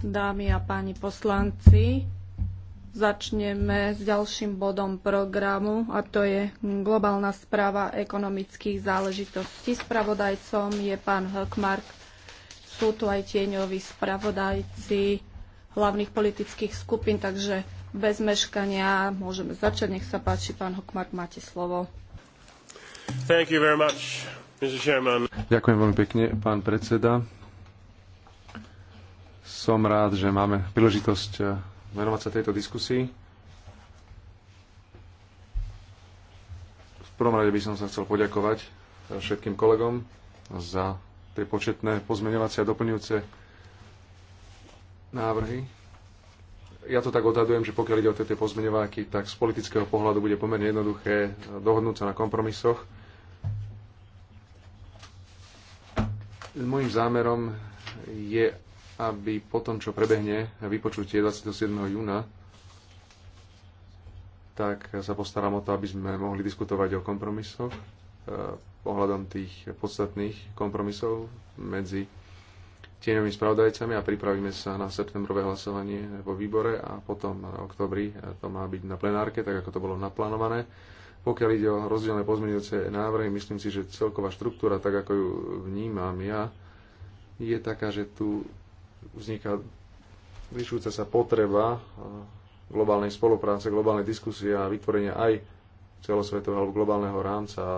Dámy a páni poslanci, začneme s ďalším bodom programu a to je globálna správa ekonomických záležitostí. Spravodajcom je pán Hökmark. Sú tu aj tieňoví spravodajci hlavných politických skupín, takže bez meškania môžeme začať. Nech sa páči, pán Hökmark, máte slovo. Much, Ďakujem veľmi pekne, pán predseda. Som rád, že máme príležitosť eh, venovať sa tejto diskusii. V prvom rade by som sa chcel poďakovať eh, všetkým kolegom za tie početné pozmeňovacie a doplňujúce návrhy. Ja to tak odhadujem, že pokiaľ ide o tie pozmeňováky, tak z politického pohľadu bude pomerne jednoduché eh, dohodnúť sa na kompromisoch. Mojím zámerom je aby po tom, čo prebehne vypočutie 27. júna, tak sa postaram o to, aby sme mohli diskutovať o kompromisoch, eh, ohľadom tých podstatných kompromisov medzi tieňovými spravodajcami a pripravíme sa na septembrové hlasovanie vo výbore a potom na oktobri eh, to má byť na plenárke, tak ako to bolo naplánované. Pokiaľ ide o rozdielne pozmeňujúce návrhy, myslím si, že celková štruktúra, tak ako ju vnímam ja, je taká, že tu vzniká zvyšujúca sa potreba globálnej spolupráce, globálnej diskusie a vytvorenia aj celosvetového alebo globálneho rámca a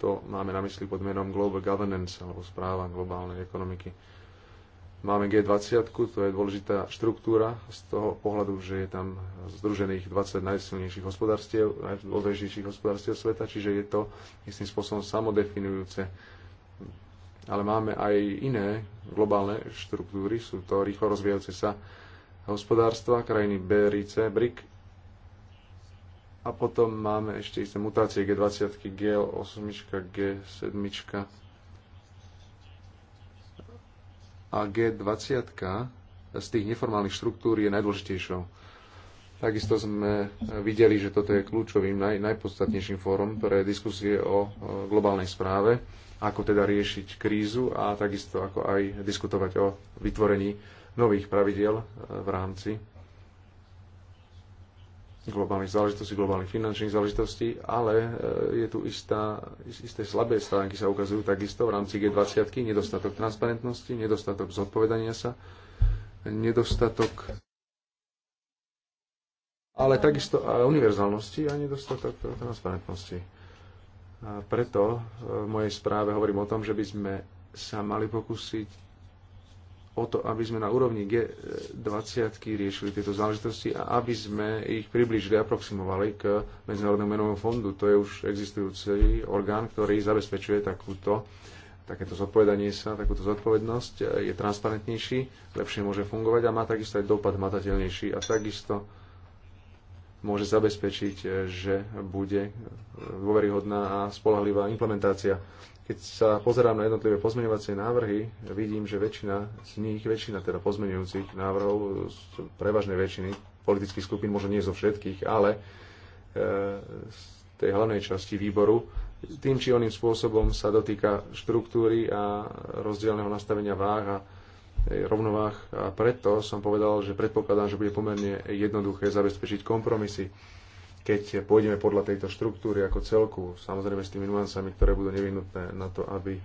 to máme na mysli pod menom Global Governance alebo správa globálnej ekonomiky. Máme G20, to je dôležitá štruktúra z toho pohľadu, že je tam združených 20 najsilnejších hospodárstiev, najdôležitejších hospodárstiev sveta, čiže je to istým spôsobom samodefinujúce ale máme aj iné globálne štruktúry, sú to rýchlo rozvíjajúce sa hospodárstva, krajiny BRIC, BRIC a potom máme ešte isté mutácie G20, G8, G7 a G20 z tých neformálnych štruktúr je najdôležitejšou. Takisto sme videli, že toto je kľúčovým, naj, najpodstatnejším fórum pre diskusie o globálnej správe ako teda riešiť krízu a takisto ako aj diskutovať o vytvorení nových pravidiel eh, v rámci globálnych záležitostí, globálnych finančných záležitostí, ale eh, je tu istá, isté slabé stránky sa ukazujú takisto v rámci G20, nedostatok transparentnosti, nedostatok zodpovedania sa, nedostatok ale takisto aj univerzálnosti a nedostatok transparentnosti. A preto e, v mojej správe hovorím o tom, že by sme sa mali pokúsiť o to, aby sme na úrovni G20 riešili tieto záležitosti a aby sme ich približili, aproximovali k Medzinárodnému menovému fondu. To je už existujúci orgán, ktorý zabezpečuje takúto, takéto zodpovedanie sa, takúto zodpovednosť, je transparentnejší, lepšie môže fungovať a má takisto aj dopad matateľnejší a takisto môže zabezpečiť, e, že bude e, dôveryhodná a spolahlivá implementácia. Keď sa pozerám na jednotlivé pozmeňovacie návrhy, vidím, že väčšina z nich, väčšina teda pozmeňujúcich návrhov, prevažnej väčšiny politických skupín, možno nie zo všetkých, ale e, z tej hlavnej časti výboru, tým či oným spôsobom sa dotýka štruktúry a rozdielneho nastavenia váha Eh, rovnovách a preto som povedal, že predpokladám, že bude pomerne jednoduché zabezpečiť kompromisy, keď pôjdeme podľa tejto štruktúry ako celku, samozrejme s tými nuancami, ktoré budú nevyhnutné na to, aby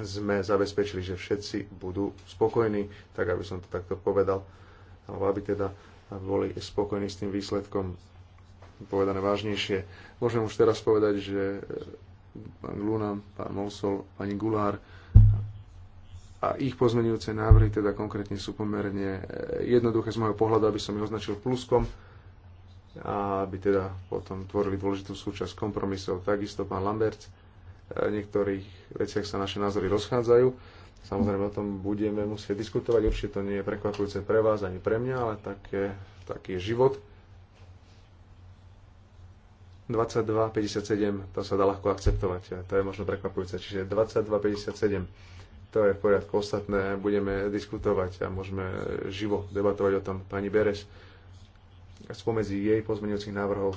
sme zabezpečili, že všetci budú spokojní, tak aby som to takto povedal, alebo aby teda boli spokojní s tým výsledkom povedané vážnejšie. Môžem už teraz povedať, že eh, pán Luna, pán Mosol, pani Gulár, a ich pozmenujúce návrhy teda konkrétne sú pomerne e, jednoduché z môjho pohľadu, aby som ich označil pluskom a aby teda potom tvorili dôležitú súčasť kompromisov. Takisto pán Lambert, e, v niektorých veciach sa naše názory rozchádzajú. Samozrejme o tom budeme musieť diskutovať, určite to nie je prekvapujúce pre vás ani pre mňa, ale je, taký je život. 22.57, to sa dá ľahko akceptovať, to je možno prekvapujúce, čiže 22.57 to je v poriadku. Ostatné budeme diskutovať a môžeme živo debatovať o tom. Pani Beres, spomedzi jej pozmeňujúcich návrhov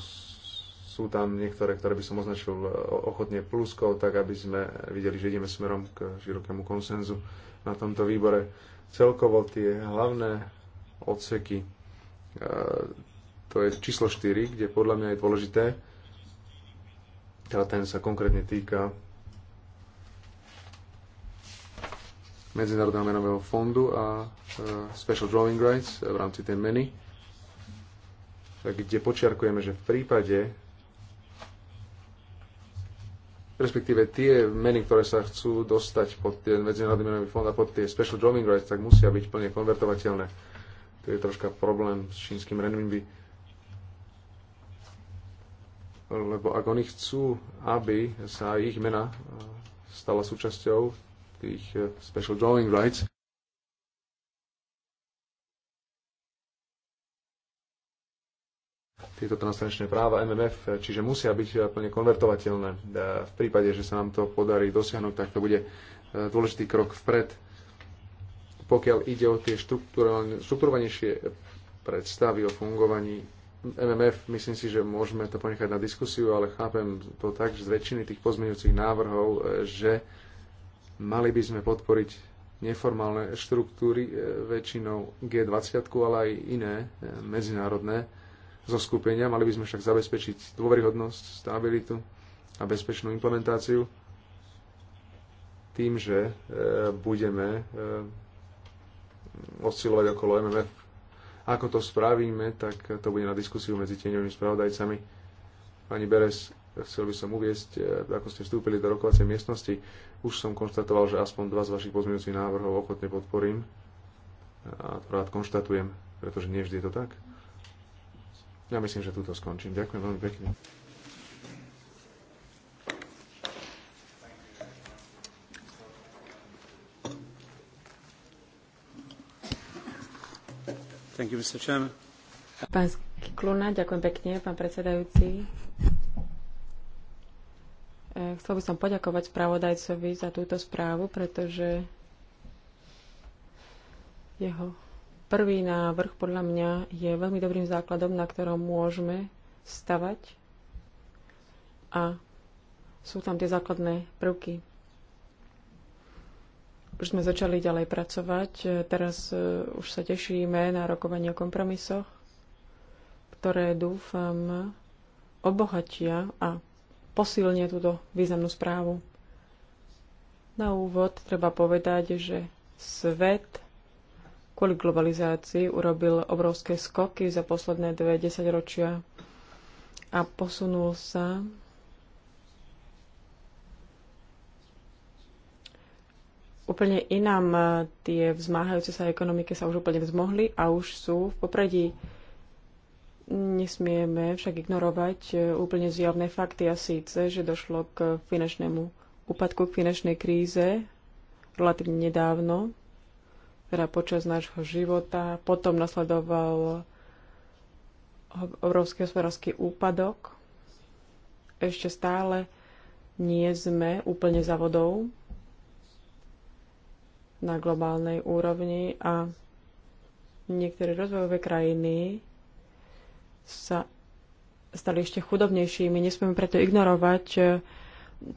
sú tam niektoré, ktoré by som označil e, ochotne pluskou, tak aby sme videli, že ideme smerom k širokému konsenzu na tomto výbore. Celkovo tie hlavné odseky, e, to je číslo 4, kde podľa mňa je dôležité, teda ten sa konkrétne týka Medzinárodného menového fondu a e, Special Drawing Rights v rámci tej meny, kde počiarkujeme, že v prípade respektíve tie meny, ktoré sa chcú dostať pod ten Medzinárodný menový fond a pod tie Special Drawing Rights, tak musia byť plne konvertovateľné. To je troška problém s čínskym renminbi. Lebo ak oni chcú, aby sa ich mena e, stala súčasťou tých eh, special drawing rights. tieto transferenčné práva MMF, eh, čiže musia byť eh, plne konvertovateľné. V prípade, že sa nám to podarí dosiahnuť, tak to bude dôležitý krok vpred. Pokiaľ ide o tie štruktúrovanejšie predstavy o fungovaní MMF, myslím si, že môžeme to ponechať na diskusiu, ale chápem to tak, že z väčšiny tých pozmeňujúcich návrhov, že Mali by sme podporiť neformálne štruktúry, e, väčšinou G20, ale aj iné e, medzinárodné zoskupenia. Mali by sme však zabezpečiť dôveryhodnosť, stabilitu a bezpečnú implementáciu tým, že e, budeme oscilovať okolo MMF. Ako to spravíme, tak to bude na diskusiu medzi tieňovými spravodajcami. Pani Beres Chcel by som uviesť, e, ako ste vstúpili do rokovacej miestnosti, už som konštatoval, že aspoň dva z vašich pozmeňujúcich návrhov ochotne podporím. A to rád konštatujem, pretože nie vždy je to tak. Ja myslím, že túto skončím. Ďakujem veľmi pekne. Thank you, Mr. Chairman. Pán Skluna, ďakujem pekne, pán predsedajúci. Eh, chcel by som poďakovať spravodajcovi za túto správu, pretože jeho prvý návrh podľa mňa je veľmi dobrým základom, na ktorom môžeme stavať a sú tam tie základné prvky. Už sme začali ďalej pracovať, eh, teraz eh, už sa tešíme na rokovanie o kompromisoch, ktoré dúfam obohatia a posilne túto významnú správu. Na úvod treba povedať, že svet kvôli globalizácii urobil obrovské skoky za posledné dve desaťročia a posunul sa úplne inám tie vzmáhajúce sa ekonomiky sa už úplne vzmohli a už sú v popredí Nesmieme však ignorovať e, úplne zjavné fakty a síce, že došlo k finančnému úpadku, k finančnej kríze relatívne nedávno, teda počas nášho života. Potom nasledoval obrovský hospodársky úpadok. Ešte stále nie sme úplne za vodou na globálnej úrovni a niektoré rozvojové krajiny sa stali ešte chudobnejšími. Nesmieme preto ignorovať e,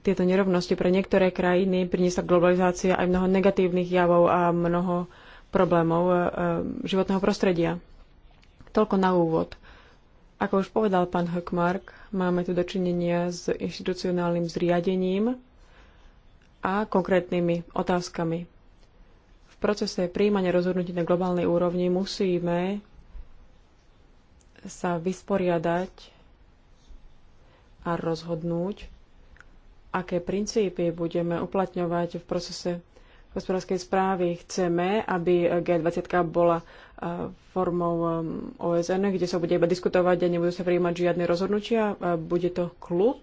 tieto nerovnosti. Pre niektoré krajiny priniesla globalizácia aj mnoho negatívnych javov a mnoho problémov e, e, životného prostredia. Toľko na úvod. Ako už povedal pán Hökmark, máme tu dočinenia s inštitucionálnym zriadením a konkrétnymi otázkami. V procese príjmania rozhodnutí na globálnej úrovni musíme sa vysporiadať a rozhodnúť, aké princípy budeme uplatňovať v procese hospodárskej správy. Chceme, aby G20 bola e, formou e, OSN, kde sa bude iba diskutovať a nebudú sa prijímať žiadne rozhodnutia. E, bude to klub,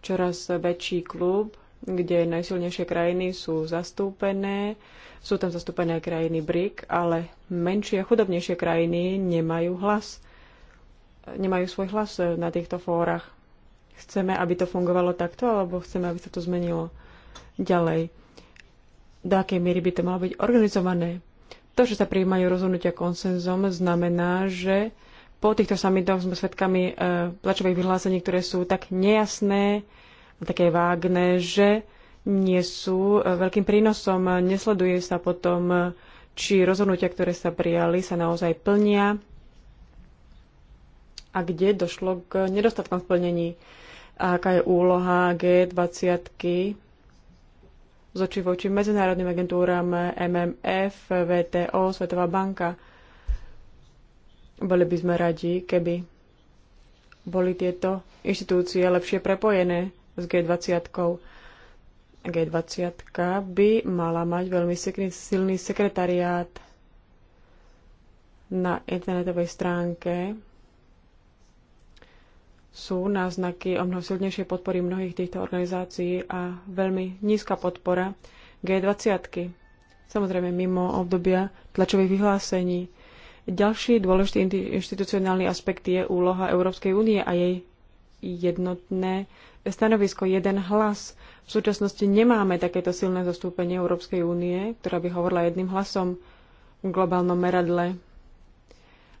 čoraz väčší klub, kde najsilnejšie krajiny sú zastúpené. Sú tam zastúpené krajiny BRIC, ale menšie a chudobnejšie krajiny nemajú hlas nemajú svoj hlas e, na týchto fórach. Chceme, aby to fungovalo takto, alebo chceme, aby sa to zmenilo ďalej? Do akej miery by to malo byť organizované? To, že sa prijímajú rozhodnutia konsenzom, znamená, že po týchto samitoch sme svedkami e, tlačových vyhlásení, ktoré sú tak nejasné a také vágne, že nie sú e, veľkým prínosom. Nesleduje sa potom, e, či rozhodnutia, ktoré sa prijali, sa naozaj plnia a kde došlo k nedostatkom v plnení a aká je úloha G20 z očí oči medzinárodným agentúram MMF, VTO, Svetová banka. Boli by sme radi, keby boli tieto inštitúcie lepšie prepojené s G20. G20 by mala mať veľmi silný sekretariát na internetovej stránke sú náznaky o mnoho silnejšej podpory mnohých týchto organizácií a veľmi nízka podpora G20. Samozrejme mimo obdobia tlačových vyhlásení. Ďalší dôležitý inštitucionálny aspekt je úloha Európskej únie a jej jednotné stanovisko, jeden hlas. V súčasnosti nemáme takéto silné zastúpenie Európskej únie, ktorá by hovorila jedným hlasom v globálnom meradle.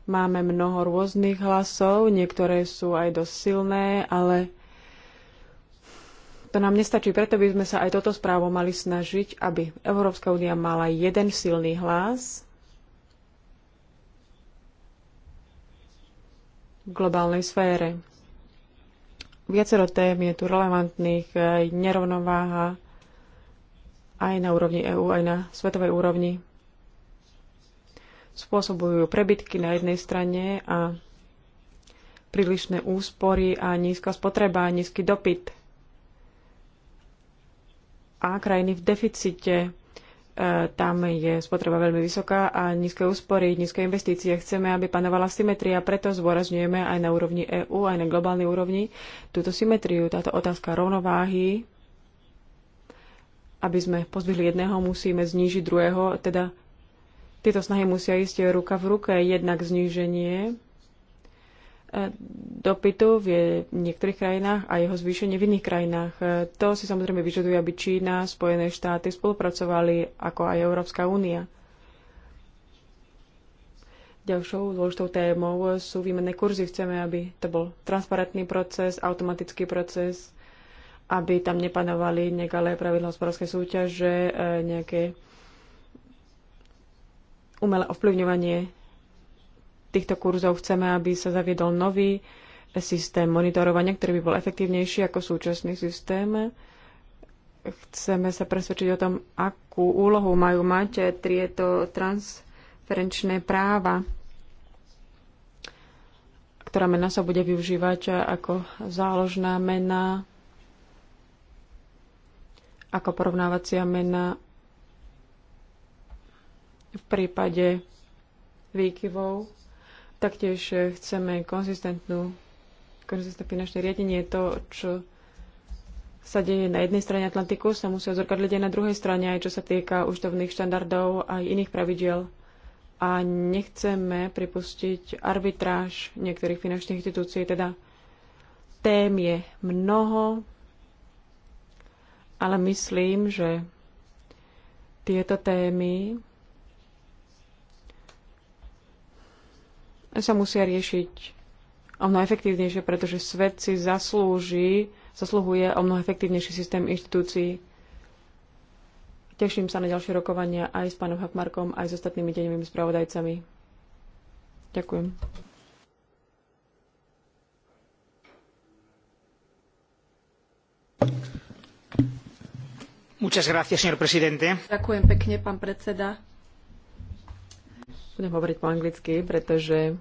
Máme mnoho rôznych hlasov, niektoré sú aj dosť silné, ale to nám nestačí, preto by sme sa aj toto správu mali snažiť, aby Európska únia mala jeden silný hlas v globálnej sfére. Viacero tém je tu relevantných, nerovnováha aj na úrovni EÚ, aj na svetovej úrovni spôsobujú prebytky na jednej strane a prílišné úspory a nízka spotreba a nízky dopyt. A krajiny v deficite, e, tam je spotreba veľmi vysoká a nízke úspory, nízke investície. Chceme, aby panovala symetria, preto zdôrazňujeme aj na úrovni EÚ, aj na globálnej úrovni túto symetriu, táto otázka rovnováhy. Aby sme pozvihli jedného, musíme znížiť druhého, teda tieto snahy musia ísť ruka v ruke, jednak zníženie e, dopytu v niektorých krajinách a jeho zvýšenie v iných krajinách. E, to si samozrejme vyžaduje, aby Čína, Spojené štáty spolupracovali, ako aj Európska únia. Ďalšou dôležitou témou sú výmenné kurzy. Chceme, aby to bol transparentný proces, automatický proces, aby tam nepanovali nekalé pravidla hospodárskej súťaže, e, nejaké umelé ovplyvňovanie týchto kurzov. Chceme, aby sa zaviedol nový systém monitorovania, ktorý by bol efektívnejší ako súčasný systém. Chceme sa presvedčiť o tom, akú úlohu majú mať tieto transferenčné práva, ktorá mena sa bude využívať ako záložná mena, ako porovnávacia mena v prípade výkyvov. Taktiež chceme konzistentnú, konzistentné finančné riadenie. To, čo sa deje na jednej strane Atlantiku, sa musia zrkadliť aj na druhej strane, aj čo sa týka účtovných štandardov a iných pravidiel. A nechceme pripustiť arbitráž niektorých finančných institúcií, teda tém je mnoho, ale myslím, že tieto témy sa musia riešiť o mnoho efektívnejšie, pretože svet si zaslúži, zasluhuje o mnoho efektívnejší systém inštitúcií. Teším sa na ďalšie rokovania aj s pánom Hakmarkom, aj s ostatnými deňovými spravodajcami. Ďakujem. Muchas gracias, señor presidente. Ďakujem pekne, pán predseda. Budem hovoriť po anglicky, pretože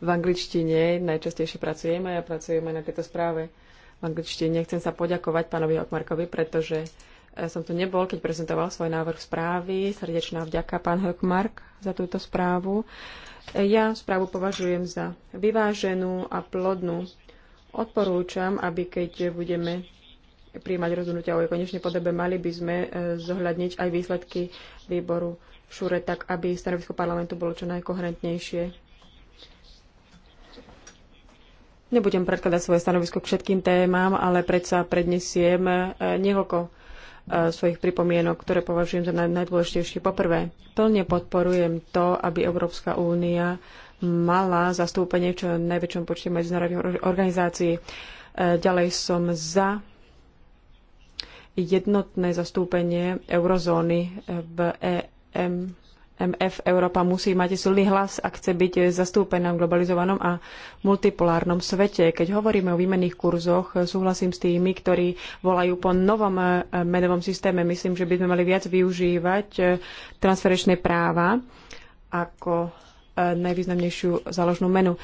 v angličtine najčastejšie pracujem a ja pracujem aj na tejto správe v angličtine. Chcem sa poďakovať pánovi Hokmarkovi, pretože eh, som tu nebol, keď prezentoval svoj návrh správy. Srdečná vďaka, pán Hokmark za túto správu. Eh, ja správu považujem za vyváženú a plodnú. Odporúčam, aby keď budeme príjmať rozhodnutia o jej konečnej podobe, mali by sme eh, zohľadniť aj výsledky výboru Šúre tak, aby stanovisko parlamentu bolo čo najkoherentnejšie. Nebudem predkladať svoje stanovisko k všetkým témam, ale predsa prednesiem e, niekoľko e, svojich pripomienok, ktoré považujem za najdôležitejšie. Poprvé, plne podporujem to, aby Európska únia mala zastúpenie v čo najväčšom počte medzinárodných organizácií. E, ďalej som za jednotné zastúpenie eurozóny v MF Európa musí mať silný hlas a chce byť zastúpená v globalizovanom a multipolárnom svete. Keď hovoríme o výmenných kurzoch, súhlasím s tými, ktorí volajú po novom eh, menovom systéme. Myslím, že by sme mali viac využívať eh, transferečné práva ako eh, najvýznamnejšiu záložnú menu.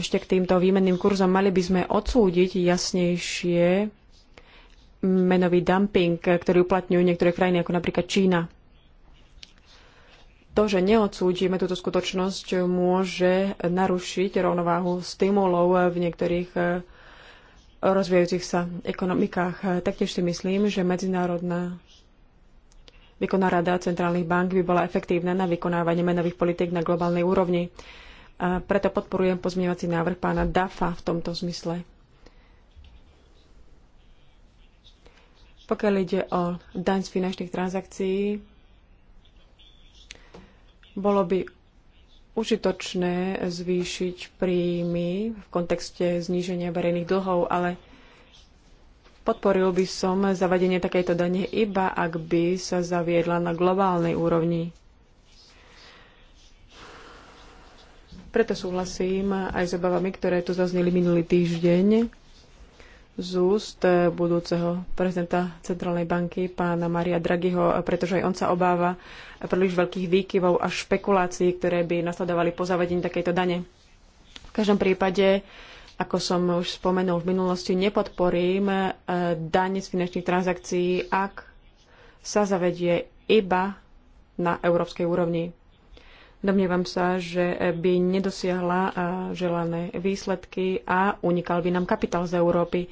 Ešte k týmto výmenným kurzom mali by sme odsúdiť jasnejšie menový dumping, ktorý uplatňujú niektoré krajiny, ako napríklad Čína to, že neodsúdime túto skutočnosť, môže narušiť rovnováhu stimulov v niektorých eh, rozvíjajúcich sa ekonomikách. Taktiež si myslím, že medzinárodná výkonná rada centrálnych bank by bola efektívna na vykonávanie menových politik na globálnej úrovni. A preto podporujem pozmeňovací návrh pána Dafa v tomto zmysle. Pokiaľ ide o daň z finančných transakcií, bolo by užitočné zvýšiť príjmy v kontexte zníženia verejných dlhov, ale podporil by som zavadenie takejto dane iba, ak by sa zaviedla na globálnej úrovni. Preto súhlasím aj s obavami, ktoré tu zazneli minulý týždeň z úst e, budúceho prezidenta Centrálnej banky, pána Maria Draghiho, e, pretože aj on sa obáva príliš veľkých výkyvov a špekulácií, ktoré by nasledovali po zavedení takejto dane. V každom prípade, ako som už spomenul v minulosti, nepodporím e, daň z finančných transakcií, ak sa zavedie iba na európskej úrovni. Domnievam sa, že by nedosiahla želané výsledky a unikal by nám kapitál z Európy.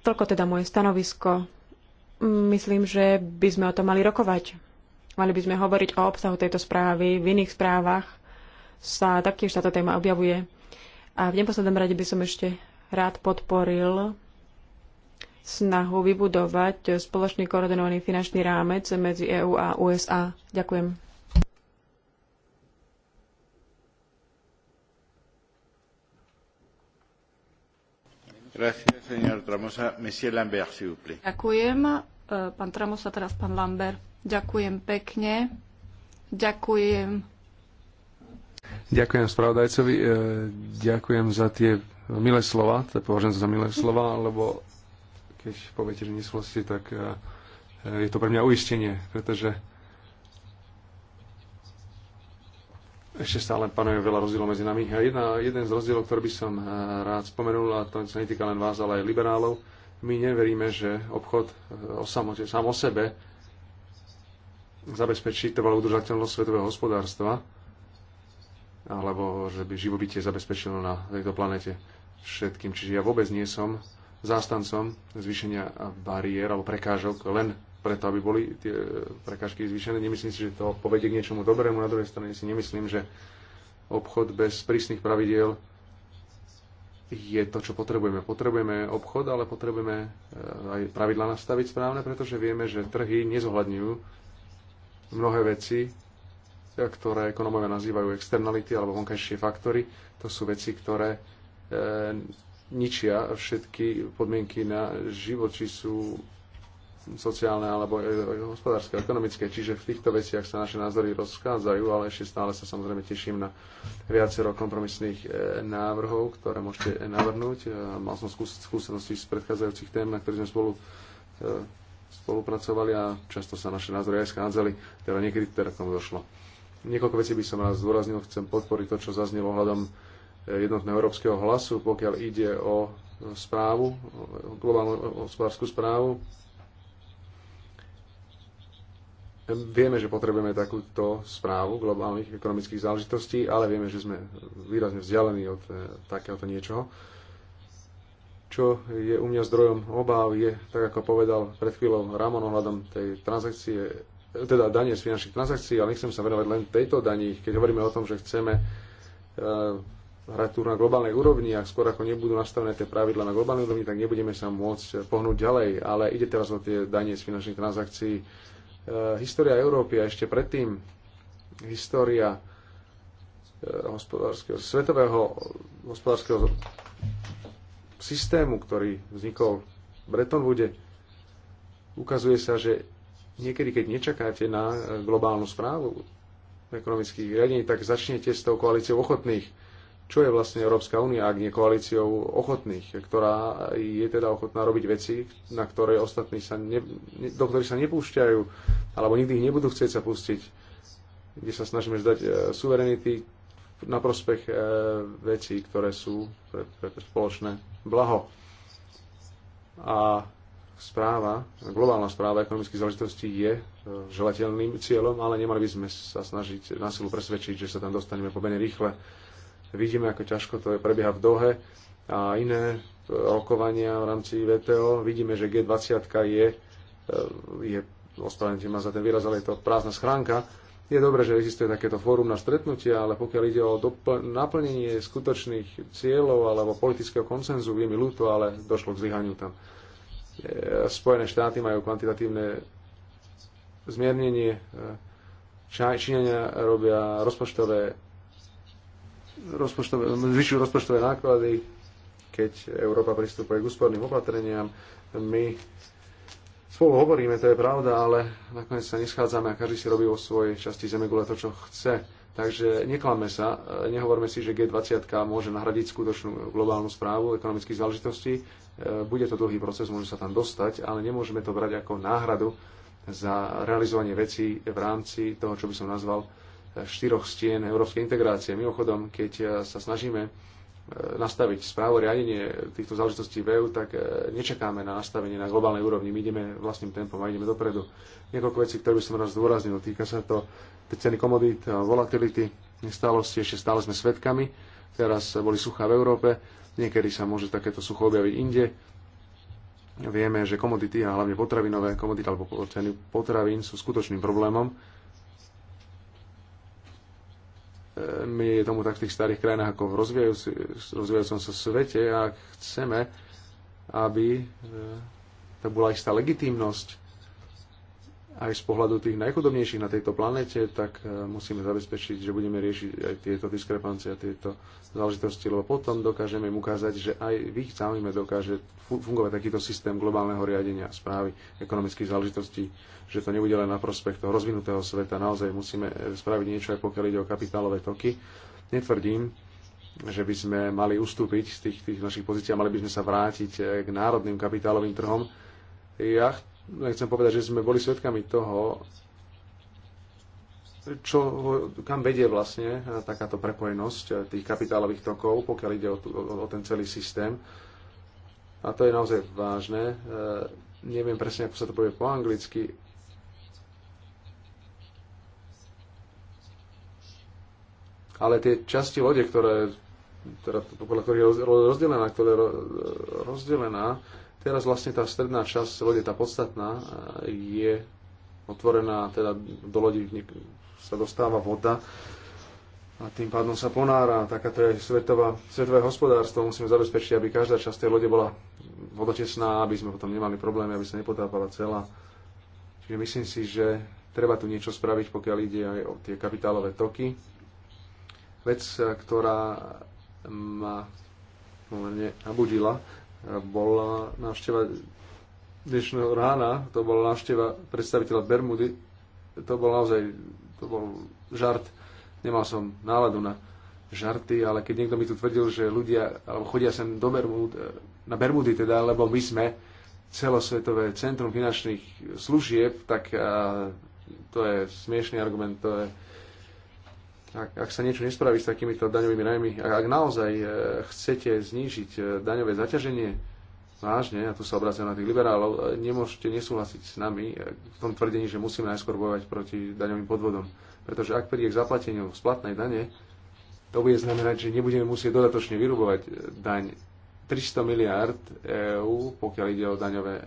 Toľko teda moje stanovisko. Myslím, že by sme o tom mali rokovať. Mali by sme hovoriť o obsahu tejto správy. V iných správach sa taktiež táto téma objavuje. A v neposlednom rade by som ešte rád podporil snahu vybudovať spoločný koordinovaný finančný rámec medzi EÚ a USA. Ďakujem. Ďakujem. E, pán Tramosa, teraz pán Lambert. Ďakujem pekne. Ďakujem. Ďakujem spravodajcovi. E, ďakujem za tie milé slova, to považujem za milé slova, lebo keď poviete, že nesúhlasíte, tak e, je to pre mňa uistenie, pretože ešte stále panuje veľa rozdielov medzi nami. A jedna, jeden z rozdielov, ktorý by som eh, rád spomenul, a to sa netýka len vás, ale aj liberálov, my neveríme, že obchod eh, o samote, sám o sebe zabezpečí trvalú udržateľnosť svetového hospodárstva, alebo že by živobytie zabezpečilo na tejto planete všetkým. Čiže ja vôbec nie som zástancom zvýšenia bariér alebo prekážok len preto, aby boli tie prekážky zvýšené. Nemyslím si, že to povedie k niečomu dobrému. Na druhej strane si nemyslím, že obchod bez prísnych pravidiel je to, čo potrebujeme. Potrebujeme obchod, ale potrebujeme eh, aj pravidla nastaviť správne, pretože vieme, že trhy nezohľadňujú mnohé veci, ktoré ekonomové nazývajú externality alebo vonkajšie faktory. To sú veci, ktoré e, ničia všetky podmienky na život, či sú sociálne alebo e, e, hospodárske, ekonomické. Čiže v týchto veciach sa naše názory rozchádzajú, ale ešte stále sa samozrejme teším na viacero kompromisných e, návrhov, ktoré môžete navrhnúť. Mal som skúsenosti z predchádzajúcich tém, na ktorých sme spolu spolupracovali a často sa naše názory aj schádzali, teda niekedy teda k tomu došlo. Niekoľko vecí by som raz zdôraznil, chcem podporiť to, čo zaznelo ohľadom jednotného európskeho hlasu, pokiaľ ide o správu, globálnu hospodárskú správu, Vieme, že potrebujeme takúto správu globálnych ekonomických záležitostí, ale vieme, že sme výrazne vzdialení od eh, takéhoto niečoho. Čo je u mňa zdrojom obáv je, tak ako povedal pred chvíľou Ramon ohľadom tej transakcie, eh, teda danie z finančných transakcií, ale nechcem sa venovať len tejto daní, keď hovoríme o tom, že chceme eh, hrať tu na globálnej úrovni a skôr ako nebudú nastavené tie pravidla na globálnej úrovni, tak nebudeme sa môcť pohnúť ďalej. Ale ide teraz o tie danie z finančných transakcií, E, história Európy a ešte predtým história e, hospodárskeho, svetového hospodárskeho systému, ktorý vznikol v Bretton Woode, ukazuje sa, že niekedy, keď nečakáte na globálnu správu ekonomických riadení, tak začnete s tou koalíciou ochotných čo je vlastne Európska únia, ak nie koalíciou ochotných, ktorá je teda ochotná robiť veci, na ktoré ostatní sa ne, do ktorých sa nepúšťajú, alebo nikdy ich nebudú chcieť sa pustiť, kde sa snažíme zdať e, suverenity na prospech e, vecí, ktoré sú pre, pre, pre spoločné blaho. A správa, globálna správa ekonomických záležitostí je e, želateľným cieľom, ale nemali by sme sa snažiť na silu presvedčiť, že sa tam dostaneme pomerne rýchle Vidíme, ako ťažko to je, prebieha v Dohe a iné e, rokovania v rámci VTO. Vidíme, že G20 je, e, je ospravedlňte ma za ten výraz, ale je to prázdna schránka. Je dobré, že existuje takéto fórum na stretnutie, ale pokiaľ ide o naplnenie skutočných cieľov alebo politického koncenzu, je mi ľúto, ale došlo k zlyhaniu tam. E, Spojené štáty majú kvantitatívne zmiernenie, Číňania robia rozpočtové zvyšujú rozpočtové náklady, keď Európa pristupuje k úsporným opatreniam. My spolu hovoríme, to je pravda, ale nakoniec sa neschádzame a každý si robí vo svojej časti zemegule to, čo chce. Takže neklame sa, nehovorme si, že G20 môže nahradiť skutočnú globálnu správu ekonomických záležitostí. Bude to dlhý proces, môže sa tam dostať, ale nemôžeme to brať ako náhradu za realizovanie vecí v rámci toho, čo by som nazval štyroch stien európskej integrácie. Mimochodom, keď sa snažíme e, nastaviť správo riadenie týchto záležitostí v EU, tak e, nečakáme na nastavenie na globálnej úrovni. My ideme vlastným tempom a ideme dopredu. Niekoľko vecí, ktoré by som raz zdôraznil. Týka sa to ceny komodít, e, volatility, nestálosti, ešte stále sme svetkami. Teraz boli suchá v Európe, niekedy sa môže takéto sucho objaviť inde. Vieme, že komodity a hlavne potravinové komodity alebo ceny potravín sú skutočným problémom je tomu tak v tých starých krajinách ako v rozvíjajúcom sa svete a chceme, aby e, to bola istá legitímnosť aj z pohľadu tých najchudobnejších na tejto planete, tak e, musíme zabezpečiť, že budeme riešiť aj tieto diskrepancie a tieto záležitosti, lebo potom dokážeme im ukázať, že aj v ich záujme dokáže fungovať takýto systém globálneho riadenia správy ekonomických záležitostí, že to nebude len na prospech toho rozvinutého sveta. Naozaj musíme e, spraviť niečo, aj pokiaľ ide o kapitálové toky. Netvrdím, že by sme mali ustúpiť z tých, tých našich pozícií a mali by sme sa vrátiť e, k národným kapitálovým trhom. Ja chcem povedať, že sme boli svedkami toho, čo, kam vedie vlastne takáto prepojenosť tých kapitálových tokov, pokiaľ ide o, o, o ten celý systém. A to je naozaj vážne. E, neviem presne, ako sa to povie po anglicky. Ale tie časti lode, ktoré, ktorá, teda, podľa ktorých je rozdelená, ktorá je rozdelená, Teraz vlastne tá stredná časť lode, tá podstatná, je otvorená, teda do lodi sa dostáva voda a tým pádom sa ponára. Takáto je svetová, svetové hospodárstvo. Musíme zabezpečiť, aby každá časť tej lode bola vodotesná, aby sme potom nemali problémy, aby sa nepotápala celá. Čiže myslím si, že treba tu niečo spraviť, pokiaľ ide aj o tie kapitálové toky. Vec, ktorá ma pomerne nabudila, bola návšteva dnešného rána, to bola návšteva predstaviteľa Bermudy, to bol naozaj, to bol žart, nemal som náladu na žarty, ale keď niekto mi tu tvrdil, že ľudia, alebo chodia sem do Bermud, na Bermudy teda, lebo my sme celosvetové centrum finančných služieb, tak a, to je smiešný argument, to je ak, ak sa niečo nespraví s takýmito daňovými rajmi, ak naozaj e, chcete znížiť e, daňové zaťaženie, vážne, a tu sa obraciam na tých liberálov, e, nemôžete nesúhlasiť s nami v tom tvrdení, že musíme najskôr bojovať proti daňovým podvodom. Pretože ak príde k zaplateniu splatnej dane, to bude znamenať, že nebudeme musieť dodatočne vyrubovať daň 300 miliárd EÚ, pokiaľ ide o daňové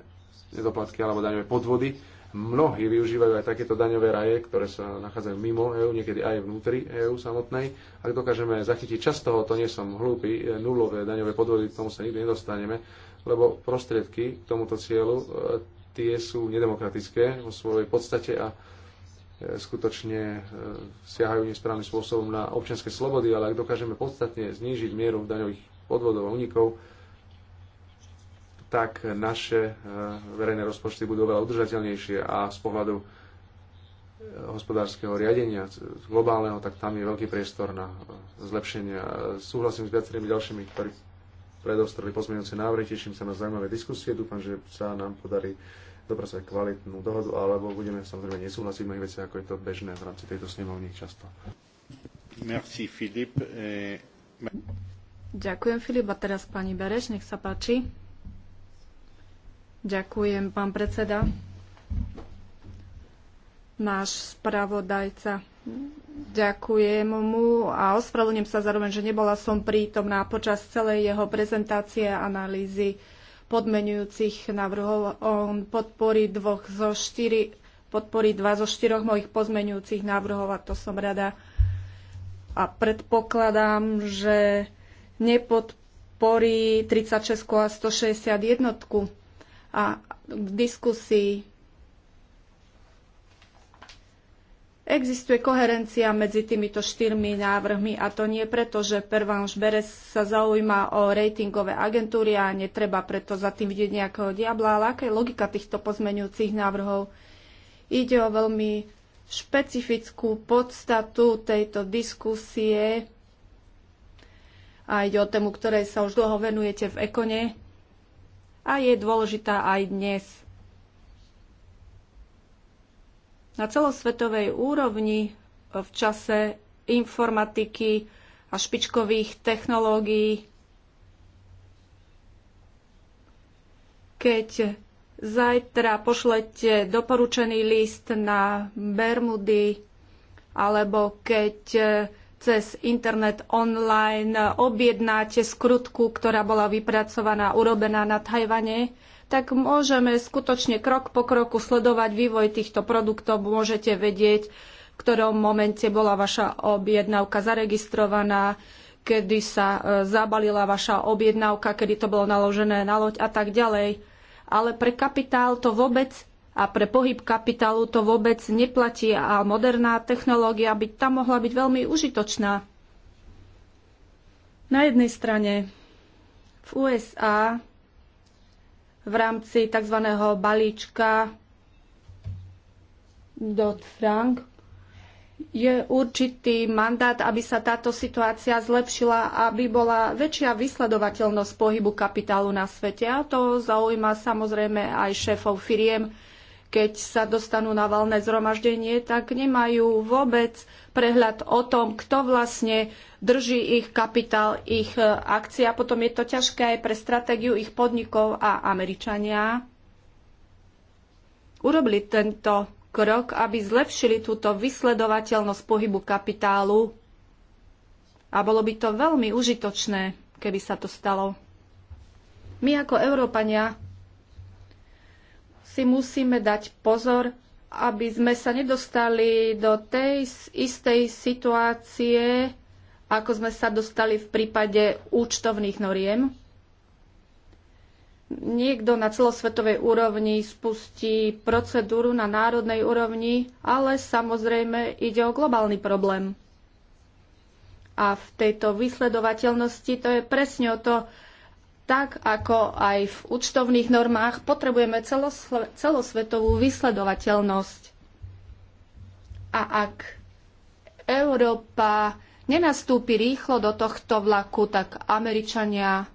nedoplatky alebo daňové podvody, Mnohí využívajú aj takéto daňové raje, ktoré sa nachádzajú mimo EÚ, niekedy aj vnútri EÚ samotnej. Ak dokážeme zachytiť čas toho, to nie som hlúpy, e, nulové daňové podvody, k tomu sa nikdy nedostaneme, lebo prostriedky k tomuto cieľu e, tie sú nedemokratické vo svojej podstate a e, skutočne siahajú nesprávnym spôsobom na občianske slobody, ale ak dokážeme podstatne znížiť mieru daňových podvodov a unikov, tak naše e, verejné rozpočty budú oveľa udržateľnejšie a z pohľadu e, hospodárskeho riadenia globálneho, tak tam je veľký priestor na e, zlepšenie. Súhlasím s viacerými ďalšími, ktorí predostreli pozmeňujúce návrhy, teším sa na zaujímavé diskusie, dúfam, že sa nám podarí dopracovať kvalitnú dohodu, alebo budeme samozrejme nesúhlasiť v mnohých veciach, ako je to bežné v rámci tejto snemovní často. Merci, Filip. Eh, Ďakujem, Filip. A teraz pani Bereš, nech sa páči. Ďakujem, pán predseda. Náš spravodajca. Ďakujem mu a ospravedlňujem sa zároveň, že nebola som prítomná počas celej jeho prezentácie a analýzy podmenujúcich návrhov. On podporí dvoch zo štyri, podporí dva zo štyroch mojich pozmenujúcich návrhov a to som rada. A predpokladám, že nepodporí 36 a 161 a v diskusii. Existuje koherencia medzi týmito štyrmi návrhmi a to nie preto, že Pervanš Beres sa zaujíma o rejtingové agentúry a netreba preto za tým vidieť nejakého diabla, ale aká je logika týchto pozmenujúcich návrhov. Ide o veľmi špecifickú podstatu tejto diskusie a ide o tému, ktorej sa už dlho venujete v Ekone a je dôležitá aj dnes. Na celosvetovej úrovni v čase informatiky a špičkových technológií, keď zajtra pošlete doporučený list na Bermudy, alebo keď cez internet online objednáte skrutku, ktorá bola vypracovaná, urobená na Tajvane, tak môžeme skutočne krok po kroku sledovať vývoj týchto produktov. Môžete vedieť, v ktorom momente bola vaša objednávka zaregistrovaná, kedy sa e, zabalila vaša objednávka, kedy to bolo naložené na loď a tak ďalej. Ale pre kapitál to vôbec a pre pohyb kapitálu to vôbec neplatí a moderná technológia by tam mohla byť veľmi užitočná. Na jednej strane v USA v rámci tzv. balíčka dot frank je určitý mandát, aby sa táto situácia zlepšila, aby bola väčšia vysledovateľnosť pohybu kapitálu na svete. A to zaujíma samozrejme aj šéfov firiem, keď sa dostanú na valné zhromaždenie, tak nemajú vôbec prehľad o tom, kto vlastne drží ich kapitál, ich e, akcie a potom je to ťažké aj pre stratégiu ich podnikov a Američania. Urobili tento krok, aby zlepšili túto vysledovateľnosť pohybu kapitálu a bolo by to veľmi užitočné, keby sa to stalo. My ako Európania si musíme dať pozor, aby sme sa nedostali do tej istej situácie, ako sme sa dostali v prípade účtovných noriem. Niekto na celosvetovej úrovni spustí procedúru na národnej úrovni, ale samozrejme ide o globálny problém. A v tejto vysledovateľnosti to je presne o to, tak ako aj v účtovných normách potrebujeme celosvetovú vysledovateľnosť. A ak Európa nenastúpi rýchlo do tohto vlaku, tak Američania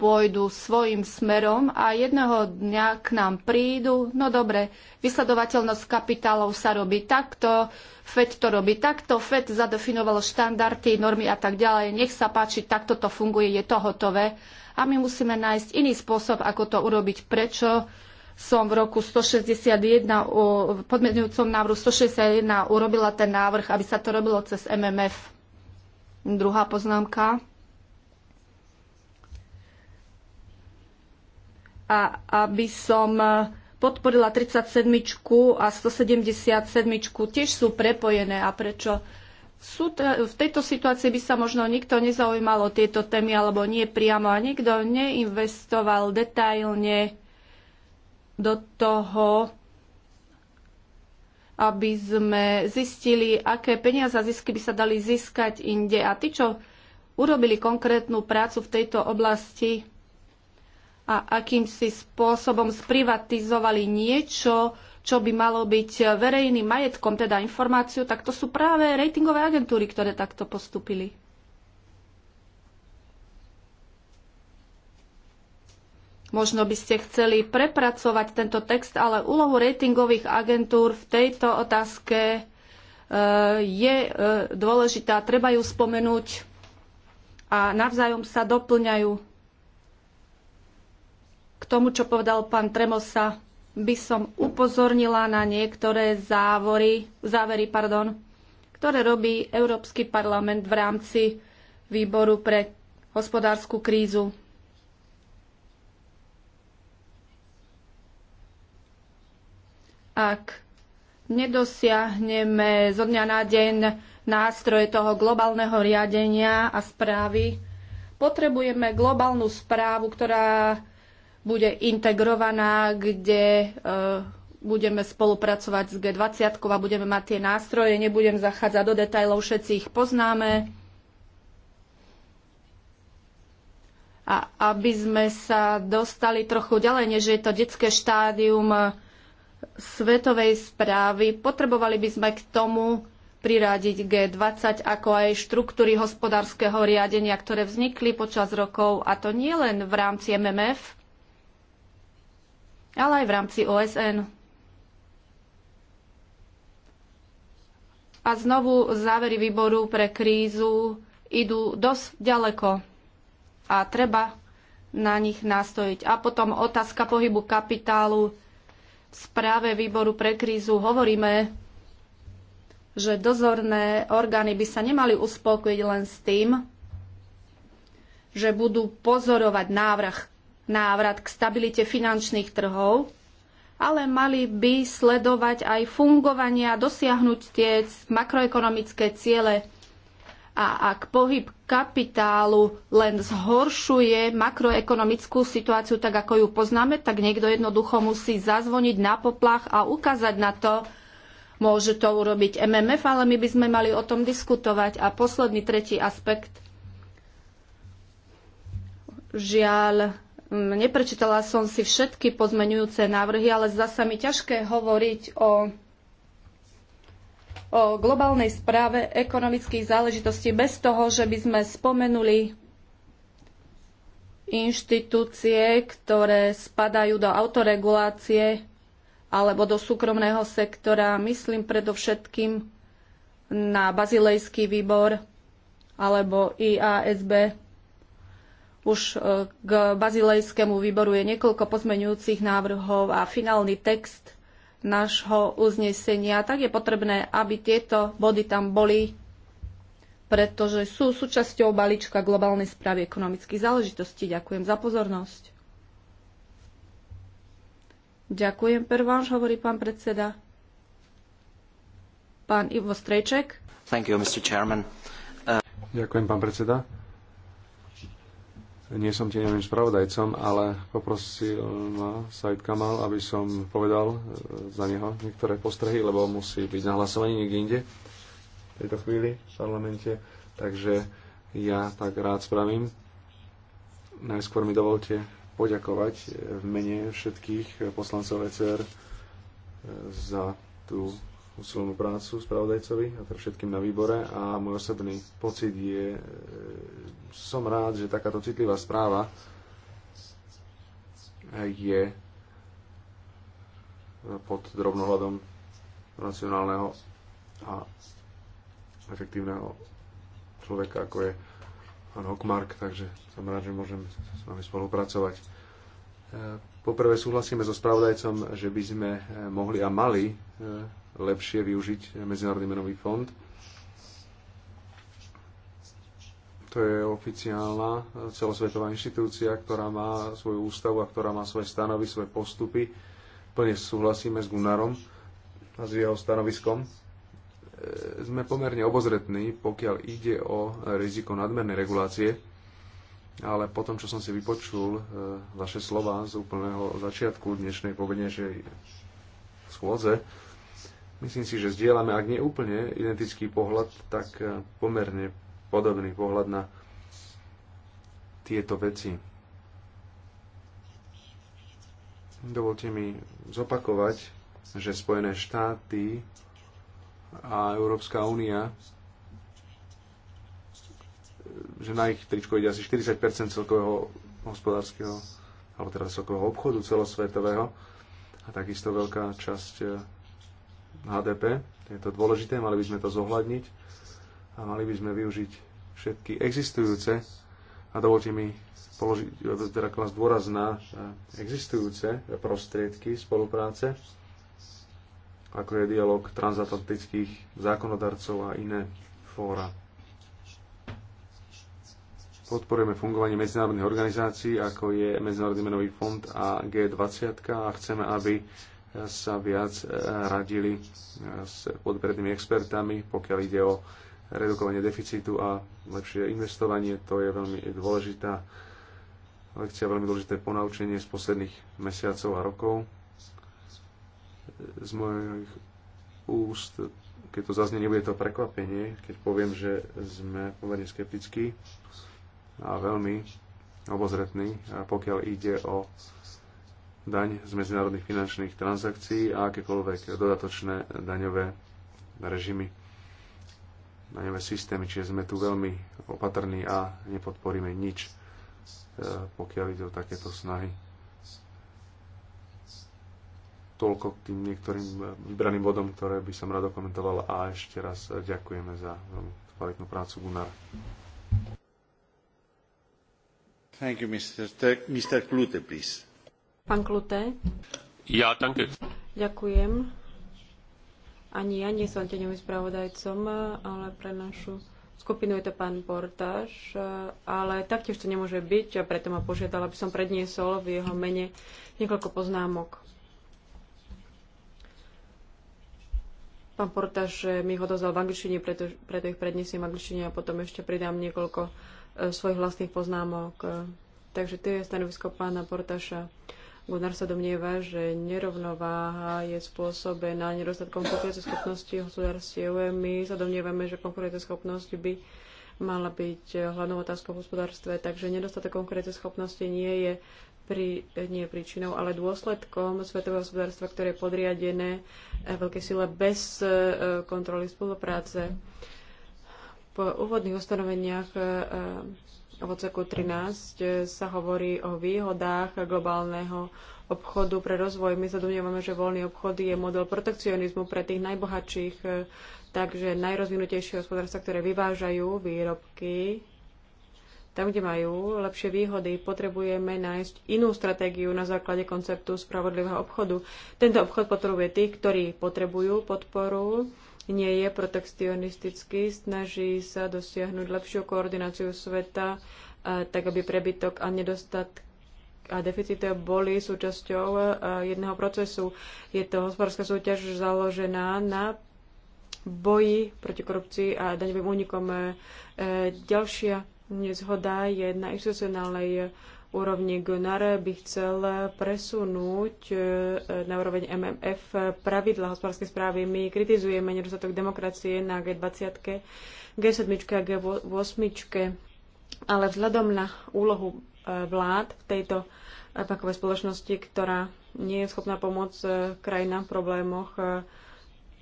pôjdu svojim smerom a jedného dňa k nám prídu. No dobre, vysledovateľnosť kapitálov sa robí takto, FED to robí takto, FED zadefinovalo štandardy, normy a tak ďalej. Nech sa páči, takto to funguje, je to hotové a my musíme nájsť iný spôsob, ako to urobiť. Prečo som v roku 161, v podmienujúcom návrhu 161 urobila ten návrh, aby sa to robilo cez MMF. Druhá poznámka. A aby som podporila 37 a 177, tiež sú prepojené. A prečo? sú v tejto situácii by sa možno nikto nezaujímal o tieto témy alebo nie priamo a nikto neinvestoval detailne do toho, aby sme zistili, aké peniaze a zisky by sa dali získať inde. A tí, čo urobili konkrétnu prácu v tejto oblasti a akýmsi spôsobom sprivatizovali niečo, čo by malo byť verejným majetkom, teda informáciu, tak to sú práve ratingové agentúry, ktoré takto postupili. Možno by ste chceli prepracovať tento text, ale úlohu ratingových agentúr v tejto otázke e, je e, dôležitá, treba ju spomenúť a navzájom sa doplňajú. K tomu, čo povedal pán Tremosa, by som upozornila na niektoré závory, závery, pardon, ktoré robí Európsky parlament v rámci výboru pre hospodárskú krízu. Ak nedosiahneme zo dňa na deň nástroje toho globálneho riadenia a správy, potrebujeme globálnu správu, ktorá bude integrovaná, kde e, budeme spolupracovať s G20 a budeme mať tie nástroje. Nebudem zachádzať do detajlov, všetci ich poznáme. A aby sme sa dostali trochu ďalej, než je to detské štádium svetovej správy, potrebovali by sme k tomu priradiť G20, ako aj štruktúry hospodárskeho riadenia, ktoré vznikli počas rokov, a to nie len v rámci MMF, ale aj v rámci OSN. A znovu závery výboru pre krízu idú dosť ďaleko a treba na nich nastojiť. A potom otázka pohybu kapitálu. V správe výboru pre krízu hovoríme, že dozorné orgány by sa nemali uspokojiť len s tým, že budú pozorovať návrh návrat k stabilite finančných trhov, ale mali by sledovať aj fungovanie a dosiahnuť tie makroekonomické ciele. A ak pohyb kapitálu len zhoršuje makroekonomickú situáciu, tak ako ju poznáme, tak niekto jednoducho musí zazvoniť na poplach a ukázať na to, môže to urobiť MMF, ale my by sme mali o tom diskutovať. A posledný, tretí aspekt. Žiaľ, Mm, neprečítala som si všetky pozmenujúce návrhy, ale zasa mi ťažké hovoriť o, o globálnej správe ekonomických záležitostí bez toho, že by sme spomenuli inštitúcie, ktoré spadajú do autoregulácie alebo do súkromného sektora. Myslím predovšetkým na Bazilejský výbor alebo IASB už e, k bazilejskému výboru je niekoľko pozmeňujúcich návrhov a finálny text nášho uznesenia, tak je potrebné, aby tieto body tam boli, pretože sú súčasťou balíčka globálnej správy ekonomických záležitostí. Ďakujem za pozornosť. Ďakujem, Perváš, hovorí pán predseda. Pán Ivo Strejček. You, uh... Ďakujem, pán predseda nie som tieňovým spravodajcom, ale poprosil ma Said Kamal, aby som povedal e, za neho niektoré postrehy, lebo musí byť na hlasovaní niekde inde v tejto chvíli v parlamente. Takže ja tak rád spravím. Najskôr mi dovolte poďakovať e, v mene všetkých poslancov ECR e, za tú usilovnú prácu spravodajcovi a teda všetkým na výbore a môj osobný pocit je, e, som rád, že takáto citlivá správa je pod drobnohľadom racionálneho a efektívneho človeka, ako je pán Hokmark, takže som rád, že môžem s vami spolupracovať. E, poprvé súhlasíme so spravodajcom, že by sme e, mohli a mali lepšie využiť Medzinárodný menový fond. To je oficiálna celosvetová inštitúcia, ktorá má svoju ústavu a ktorá má svoje stanovy, svoje postupy. Plne súhlasíme s Gunarom a s jeho stanoviskom. E, sme pomerne obozretní, pokiaľ ide o riziko nadmernej regulácie, ale po tom, čo som si vypočul e, vaše slova z úplného začiatku dnešnej že schôdze, Myslím si, že zdieľame, ak nie úplne identický pohľad, tak e, pomerne podobný pohľad na tieto veci. Dovolte mi zopakovať, že Spojené štáty a Európska únia že na ich tričko ide asi 40 celkového hospodárskeho, alebo teda celkového obchodu celosvetového a takisto veľká časť e, HDP. Je to dôležité, mali by sme to zohľadniť a mali by sme využiť všetky existujúce a dovolte mi položiť, teda klas dôraz na existujúce prostriedky spolupráce, ako je dialog transatlantických zákonodarcov a iné fóra. Podporujeme fungovanie medzinárodných organizácií, ako je Medzinárodný menový fond a G20 a chceme, aby sa viac e, radili e, s podbrednými expertami, pokiaľ ide o redukovanie deficitu a lepšie investovanie. To je veľmi dôležitá lekcia, veľmi dôležité ponaučenie z posledných mesiacov a rokov. Z mojich úst, keď to zaznie, nebude to prekvapenie, keď poviem, že sme pomerne skeptickí a veľmi obozretní, pokiaľ ide o daň z medzinárodných finančných transakcií a akékoľvek dodatočné daňové režimy, daňové systémy. Čiže sme tu veľmi opatrní a nepodporíme nič, e, pokiaľ ide o takéto snahy. Toľko k tým niektorým vybraným bodom, ktoré by som rád komentoval a ešte raz ďakujeme za veľmi kvalitnú prácu Gunnar. Thank you, Mr. Mr. Klute, please. Pán Ja, danke. Ďakujem. Ani ja nie som teňovým spravodajcom, ale pre našu skupinu je to pán portáš. ale taktiež to nemôže byť a preto ma požiadala, aby som predniesol v jeho mene niekoľko poznámok. Pán Portáž mi ho dozval v angličtine, preto, preto ich predniesiem v angličtine a potom ešte pridám niekoľko e, svojich vlastných poznámok. E, takže to je stanovisko pána Portáša. Gunnar sa domnieva, že nerovnováha je spôsobená nedostatkom schopnosti hospodárstiev. My sa domnievame, že schopnosť by mala byť hlavnou otázkou v hospodárstve, takže nedostatok schopnosti nie je pri, nie príčinou, ale dôsledkom svetového hospodárstva, ktoré je podriadené eh, veľké sile bez eh, kontroly spolupráce. Po úvodných ustanoveniach eh, v odseku 13 e, sa hovorí o výhodách globálneho obchodu pre rozvoj. My sa domnievame, že voľný obchod je model protekcionizmu pre tých najbohatších, e, takže najrozvinutejšie hospodárstva, ktoré vyvážajú výrobky, tam, kde majú lepšie výhody, potrebujeme nájsť inú stratégiu na základe konceptu spravodlivého obchodu. Tento obchod potrebuje tých, ktorí potrebujú podporu nie je protekcionistický, snaží sa dosiahnuť lepšiu koordináciu sveta, eh, tak aby prebytok a nedostatky a deficity boli súčasťou eh, jedného procesu. Je to hospodárska súťaž založená na boji proti korupcii a daňovým únikom. Eh, ďalšia nezhoda je na institucionálnej úrovni GNR by chcel presunúť e, na úroveň MMF pravidla hospodárskej správy. My kritizujeme nedostatok demokracie na G20, G7 a G8, ale vzhľadom na úlohu e, vlád v tejto e, pakovej spoločnosti, ktorá nie je schopná pomôcť krajinám v problémoch,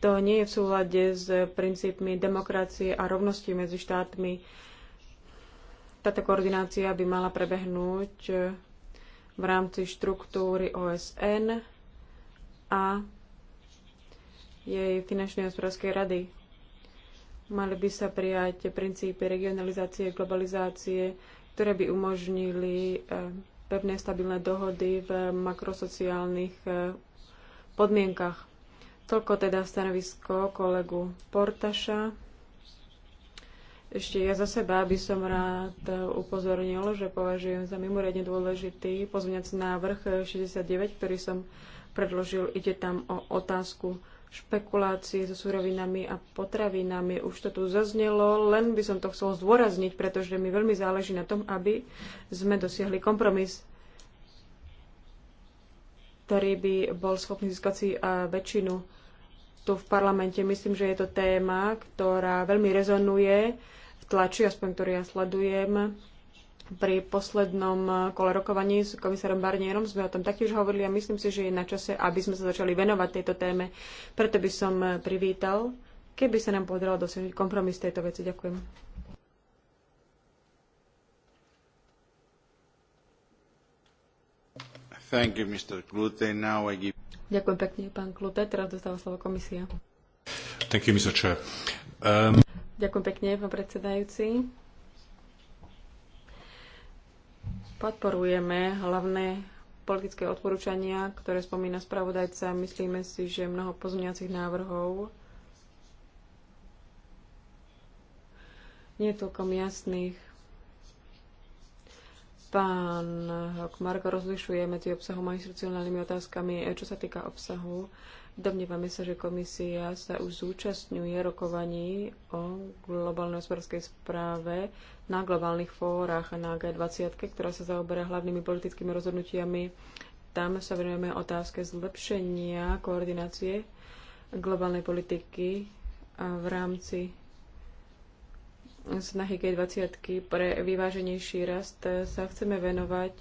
to nie je v súlade s princípmi demokracie a rovnosti medzi štátmi táto koordinácia by mala prebehnúť e, v rámci štruktúry OSN a jej finančnej hospodárskej rady. Mali by sa prijať princípy regionalizácie, globalizácie, ktoré by umožnili e, pevné stabilné dohody v makrosociálnych e, podmienkach. Toľko teda stanovisko kolegu Portaša. Ešte ja za seba by som rád upozornil, že považujem za mimoriadne dôležitý pozvňac návrh 69, ktorý som predložil. Ide tam o otázku špekulácie so surovinami a potravinami. Už to tu zaznelo, len by som to chcel zdôrazniť, pretože mi veľmi záleží na tom, aby sme dosiahli kompromis, ktorý by bol schopný získať si väčšinu tu v parlamente. Myslím, že je to téma, ktorá veľmi rezonuje tlači, aspoň ktorý ja sledujem, pri poslednom eh, kole rokovaní s komisárom Barnierom sme o tom taktiež hovorili a myslím si, že je na čase, aby sme sa začali venovať tejto téme. Preto by som eh, privítal, keby sa nám podarilo dosiahnuť kompromis tejto veci. Ďakujem. Thank You, Mr. Now I give... Ďakujem pekne, pán Klute. Teraz dostáva slovo komisia. Thank you, Mr. Chair. Um... Ďakujem pekne, pán predsedajúci. Podporujeme hlavné politické odporúčania, ktoré spomína spravodajca. Myslíme si, že mnoho pozmeňacích návrhov nie je toľkom jasných Pán Hokmark rozlišuje medzi obsahom a institucionálnymi otázkami, e, čo sa týka obsahu. Domnievame sa, že komisia sa už zúčastňuje rokovaní o globálnej hospodárskej správe na globálnych fórach a na G20, ktorá sa zaoberá hlavnými politickými rozhodnutiami. Tam sa venujeme otázke zlepšenia koordinácie globálnej politiky v rámci snahy G20 pre vyváženejší rast sa chceme venovať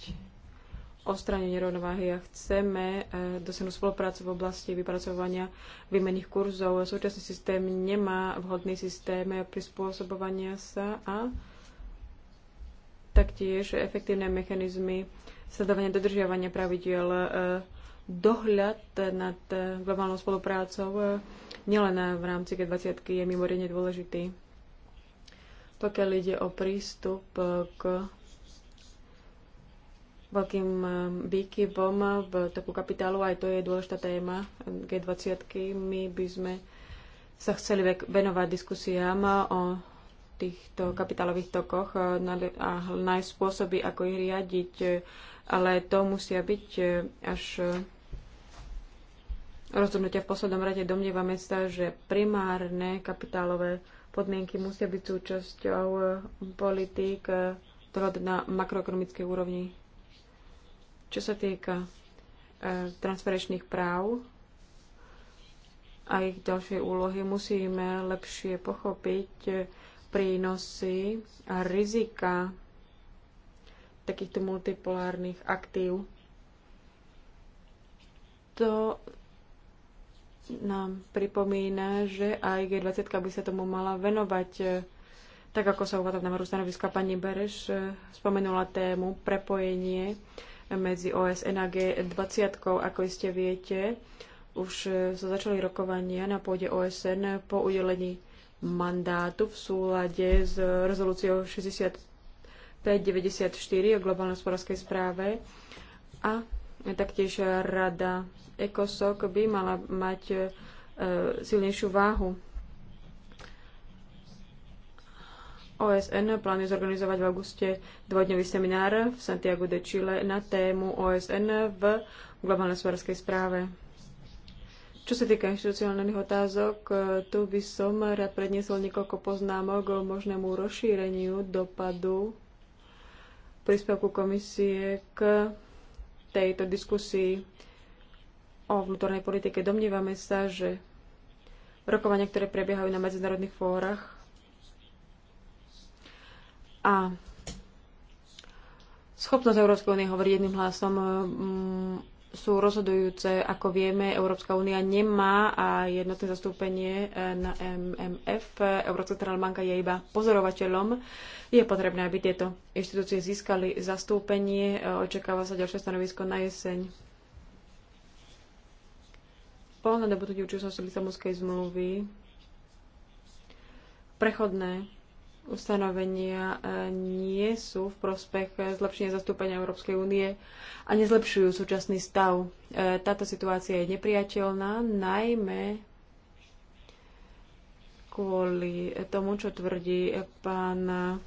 odstránenie rovnováhy a chceme eh, dosiahnuť spoluprácu v oblasti vypracovania výmenných kurzov. Súčasný systém nemá vhodný systém prispôsobovania sa a taktiež efektívne mechanizmy sledovania dodržiavania pravidiel eh, dohľad nad eh, globálnou spoluprácou nielen v rámci G20 je mimoriadne dôležitý pokiaľ ide o prístup e, k veľkým e, výkyvom v toku kapitálu, aj to je dôležitá téma G20. My by sme sa chceli venovať diskusiám o týchto kapitálových tokoch e, a nájsť spôsoby, ako ich riadiť, ale to musia byť až rozhodnutia v poslednom rade. Domnievame sa, že primárne kapitálové podmienky musia byť súčasťou eh, politík eh, na makroekonomickej úrovni. Čo sa týka eh, transferečných práv a ich ďalšej úlohy, musíme lepšie pochopiť prínosy a rizika takýchto multipolárnych aktív. To nám pripomína, že aj G20 by sa tomu mala venovať. E, tak ako sa uvádza v návrhu stanoviska pani Bereš, e, spomenula tému prepojenie medzi OSN a G20. Ako iste viete, už e, sa začali rokovania na pôde OSN po udelení mandátu v súlade s rezolúciou 94 o globálnej hospodárskej správe a Taktiež rada ECOSOC by mala mať e, silnejšiu váhu. OSN plánuje zorganizovať v auguste dvojdňový seminár v Santiago de Chile na tému OSN v globálnej svarskej správe. Čo sa týka inštitucionálnych otázok, e, tu by som rád predniesol niekoľko poznámok o možnému rozšíreniu dopadu príspevku komisie k tejto diskusii o vnútornej politike. Domnívame sa, že rokovania, ktoré prebiehajú na medzinárodných fórach a schopnosť Európskej únie hovoriť jedným hlasom mm, sú rozhodujúce. Ako vieme, Európska únia nemá a jednotné zastúpenie e, na MMF. Európska centrálna banka je iba pozorovateľom. Je potrebné, aby tieto inštitúcie získali zastúpenie. E, očakáva sa ďalšie stanovisko na jeseň. Po nadobudnutí účinnosti Lisabonskej zmluvy prechodné ustanovenia e, nie sú v prospech zlepšenia zastúpenia Európskej únie a nezlepšujú súčasný stav. E, táto situácia je nepriateľná, najmä kvôli tomu, čo tvrdí pán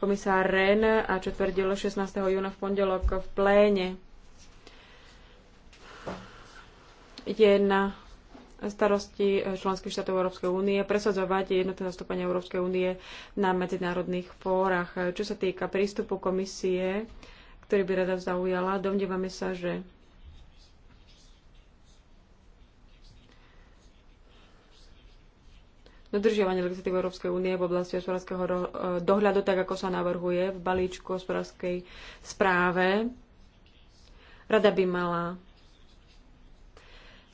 komisár Ren a čo tvrdil 16. júna v pondelok v pléne. Je na starosti členských štátov Európskej únie presadzovať jednotné zastúpenie Európskej únie na medzinárodných fórach. Čo sa týka prístupu komisie, ktorý by rada zaujala, domnievame sa, že dodržiavanie legislatívy Európskej únie v oblasti hospodárskeho dohľadu, tak ako sa navrhuje v balíčku hospodárskej správe, rada by mala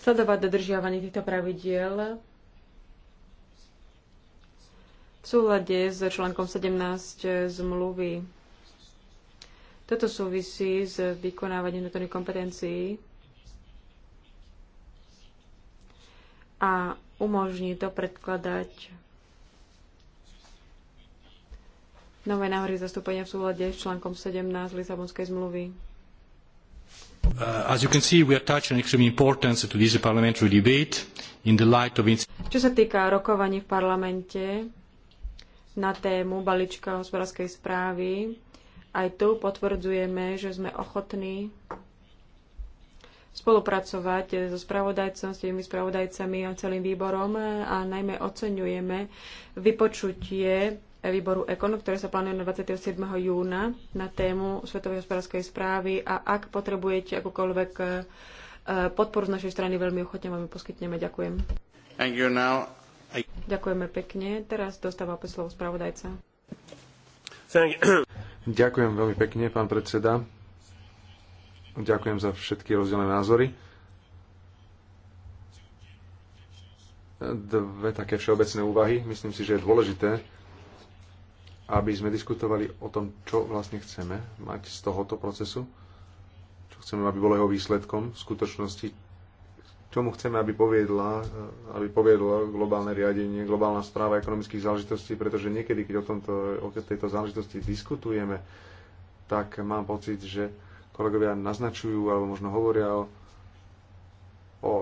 sledovať dodržiavanie týchto pravidiel v súlade s článkom 17 zmluvy. Toto súvisí s vykonávaním vnútorných kompetencií a umožní to predkladať nové návrhy zastúpenia v súlade s článkom 17 Lisabonskej zmluvy. Uh, can see, Čo sa týka rokovaní v parlamente na tému balíčka hospodárskej správy, aj tu potvrdzujeme, že sme ochotní spolupracovať so spravodajcom, s tými spravodajcami a celým výborom a najmä oceňujeme vypočutie výboru EKON, ktoré sa plánuje na 27. júna na tému Svetovej hospodárskej správy a ak potrebujete akúkoľvek e, e, podporu z našej strany, veľmi ochotne vám ju poskytneme. Ďakujem. I... Ďakujeme pekne. Teraz dostáva opäť slovo spravodajca. Ďakujem veľmi pekne, pán predseda. Ďakujem za všetky rozdielne názory. Dve také všeobecné úvahy. Myslím si, že je dôležité aby sme diskutovali o tom, čo vlastne chceme mať z tohoto procesu, čo chceme, aby bolo jeho výsledkom v skutočnosti, čomu chceme, aby, poviedla, aby poviedlo globálne riadenie, globálna správa ekonomických záležitostí, pretože niekedy, keď o, tomto, o tejto záležitosti diskutujeme, tak mám pocit, že kolegovia naznačujú alebo možno hovoria o, o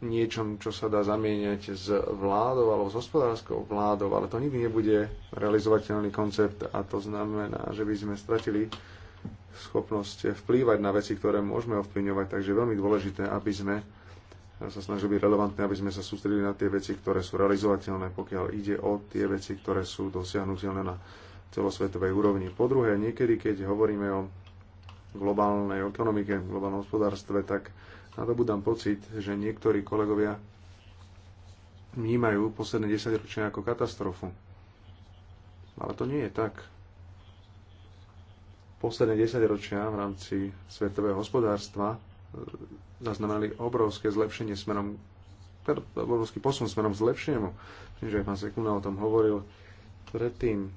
niečom, čo sa dá zamieňať s vládou alebo s hospodárskou vládou, ale to nikdy nebude realizovateľný koncept a to znamená, že by sme stratili schopnosť vplývať na veci, ktoré môžeme ovplyvňovať, takže je veľmi dôležité, aby sme sa snažili byť relevantné, aby sme sa sústredili na tie veci, ktoré sú realizovateľné, pokiaľ ide o tie veci, ktoré sú dosiahnutelné na celosvetovej úrovni. Po druhé, niekedy, keď hovoríme o globálnej ekonomike, globálnom hospodárstve, tak nadobudám pocit, že niektorí kolegovia vnímajú posledné 10 ročia ako katastrofu. Ale to nie je tak. Posledné 10 ročia v rámci svetového hospodárstva e, zaznamenali obrovské zlepšenie smerom teda obrovský posun smerom k zlepšiemu. aj pán Sekuna o tom hovoril predtým.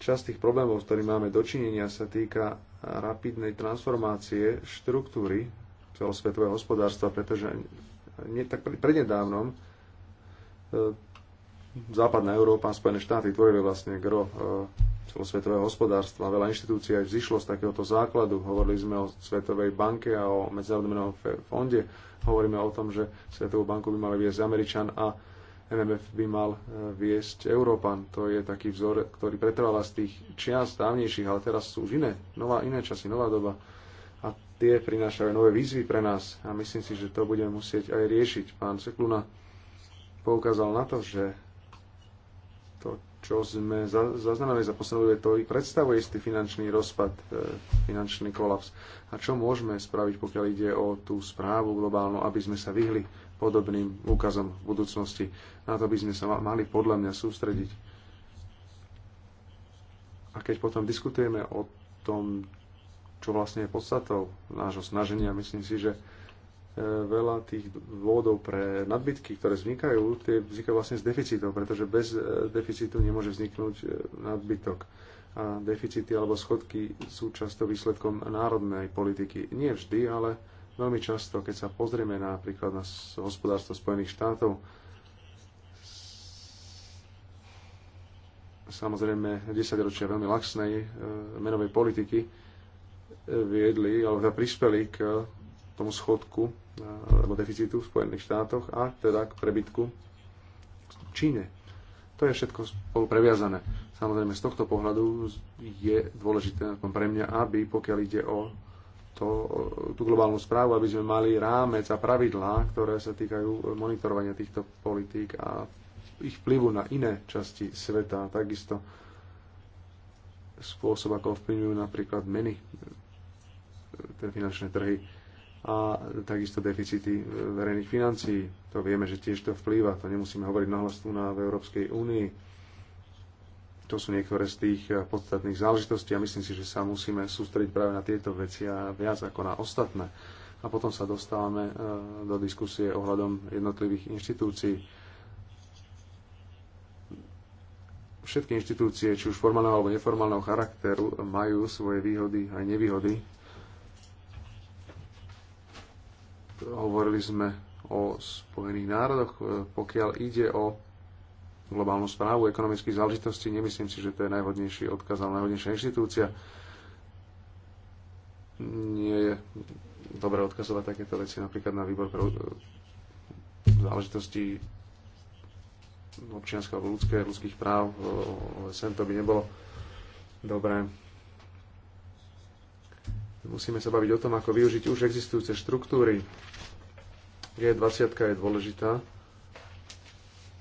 Časť tých problémov, s ktorými máme dočinenia, sa týka rapidnej transformácie štruktúry celosvetového hospodárstva, pretože nie, tak prednedávnom e, západná Európa a Spojené štáty tvorili vlastne gro e, celosvetového hospodárstva. Veľa inštitúcií aj vzýšlo z takéhoto základu. Hovorili sme o Svetovej banke a o Medzinárodnom fonde. Hovoríme o tom, že Svetovú banku by mal viesť Američan a MMF by mal e, viesť Európan. To je taký vzor, ktorý pretrváva z tých čias dávnejších, ale teraz sú už iné, nová, iné časy, nová doba tie prinášajú nové výzvy pre nás a myslím si, že to budeme musieť aj riešiť. Pán Cekluna poukázal na to, že to, čo sme zaznamenali za poslednú dobu, to i predstavuje istý finančný rozpad, e, finančný kolaps. A čo môžeme spraviť, pokiaľ ide o tú správu globálnu, aby sme sa vyhli podobným úkazom v budúcnosti. Na to by sme sa mali podľa mňa sústrediť. A keď potom diskutujeme o tom, čo vlastne je podstatou nášho snaženia. Myslím si, že e, veľa tých dôvodov pre nadbytky, ktoré vznikajú, tie vznikajú vlastne z deficitov, pretože bez e, deficitu nemôže vzniknúť e, nadbytok. A deficity alebo schodky sú často výsledkom národnej politiky. Nie vždy, ale veľmi často, keď sa pozrieme napríklad na hospodárstvo Spojených štátov, samozrejme 10 ročia veľmi laxnej menovej politiky, viedli, alebo teda prispeli k e, tomu schodku e, alebo deficitu v Spojených štátoch a teda k prebytku v Číne. To je všetko spolu previazané. Samozrejme, z tohto pohľadu je dôležité pre mňa, aby pokiaľ ide o to, e, tú globálnu správu, aby sme mali rámec a pravidlá, ktoré sa týkajú monitorovania týchto politík a ich vplyvu na iné časti sveta. Takisto spôsob, ako vplyvňujú napríklad meny teda finančné trhy a takisto deficity verejných financií. To vieme, že tiež to vplýva, to nemusíme hovoriť nahlas tu na v Európskej únii. To sú niektoré z tých eh, podstatných záležitostí a myslím si, že sa musíme sústrediť práve na tieto veci a viac ako na ostatné. A potom sa dostávame eh, do diskusie ohľadom jednotlivých inštitúcií. Všetky inštitúcie, či už formálneho alebo neformálneho charakteru, majú svoje výhody aj nevýhody Hovorili sme o Spojených národoch. Pokiaľ ide o globálnu správu ekonomických záležitostí, nemyslím si, že to je najhodnejší odkaz alebo najhodnejšia inštitúcia. Nie je dobré odkazovať takéto veci napríklad na výbor pre záležitosti občianského alebo ľudské, ľudských práv. Sem to by nebolo dobré. Musíme sa baviť o tom, ako využiť už existujúce štruktúry. G20 je dôležitá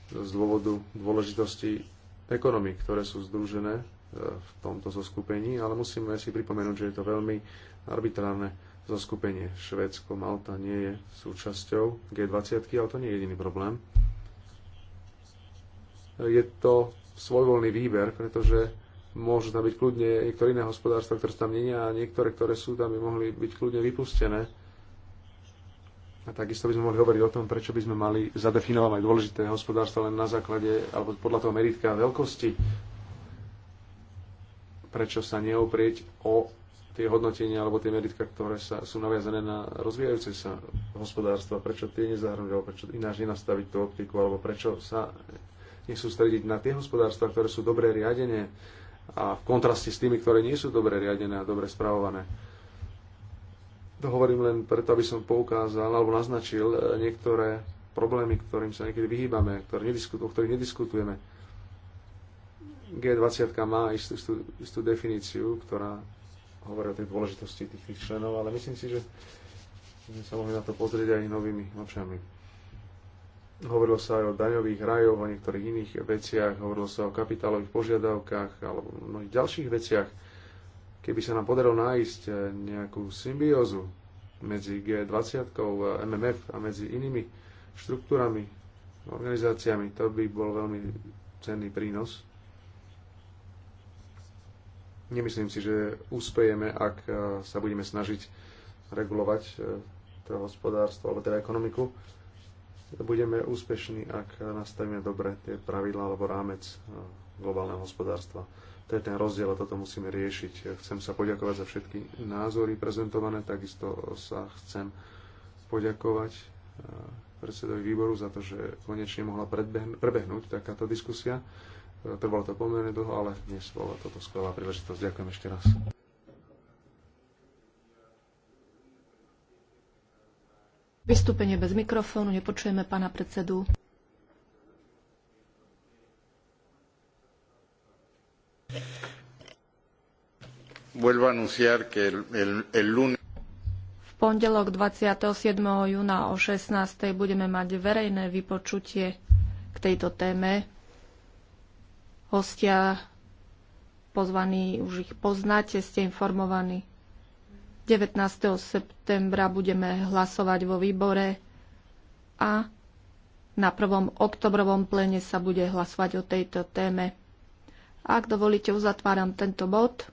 z dôvodu dôležitosti ekonomik, ktoré sú združené e, v tomto zoskupení, ale musíme si pripomenúť, že je to veľmi arbitrárne zoskupenie. Švédsko, Malta nie je súčasťou G20, ale to nie je jediný problém. E, je to svojvoľný výber, pretože Môžu tam byť kľudne niektoré iné hospodárstva, ktoré tam nie a niektoré, ktoré sú tam, by mohli byť kľudne vypustené. A takisto by sme mohli hovoriť o tom, prečo by sme mali zadefinovať aj dôležité hospodárstva len na základe, alebo podľa toho meritka veľkosti. Prečo sa neoprieť o tie hodnotenia alebo tie meritka, ktoré sa, sú naviazané na rozvíjajúce sa hospodárstva, prečo tie nezahrnúť, alebo prečo ináč nenastaviť tú optiku, alebo prečo sa nesústrediť na tie hospodárstva, ktoré sú dobre riadené, a v kontraste s tými, ktoré nie sú dobre riadené a dobre spravované. To hovorím len preto, aby som poukázal alebo naznačil e, niektoré problémy, ktorým sa niekedy vyhýbame, ktoré o ktorých nediskutujeme. G20 má istú, istú, istú definíciu, ktorá hovorí o tej dôležitosti tých, tých členov, ale myslím si, že sme sa mohli na to pozrieť aj novými očami. Hovorilo sa aj o daňových rajoch, o niektorých iných veciach, hovorilo sa o kapitálových požiadavkách alebo mnohých ďalších veciach. Keby sa nám podarilo nájsť eh, nejakú symbiózu medzi G20, eh, MMF a medzi inými štruktúrami, organizáciami, to by bol veľmi cenný prínos. Nemyslím si, že úspejeme, ak eh, sa budeme snažiť regulovať to hospodárstvo alebo teda ekonomiku budeme úspešní, ak nastavíme dobre tie pravidlá alebo rámec e, globálneho hospodárstva. To je ten rozdiel a toto musíme riešiť. Chcem sa poďakovať za všetky názory prezentované, takisto sa chcem poďakovať e, predsedovi výboru za to, že konečne mohla prebehnúť takáto diskusia. E, trvalo to pomerne dlho, ale dnes bola toto skvelá príležitosť. Ďakujem ešte raz. Vystúpenie bez mikrofónu, nepočujeme pána predsedu. V pondelok 27. júna o 16. budeme mať verejné vypočutie k tejto téme. Hostia pozvaní, už ich poznáte, ste informovaní. 19. septembra budeme hlasovať vo výbore a na 1. oktobrovom plene sa bude hlasovať o tejto téme. Ak dovolíte, uzatváram tento bod.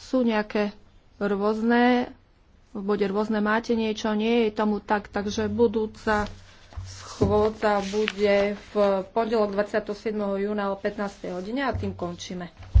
Sú nejaké rôzne, v bode rôzne máte niečo, nie je tomu tak, takže budúca schôdza bude v pondelok 27. júna o 15. hodine a tým končíme.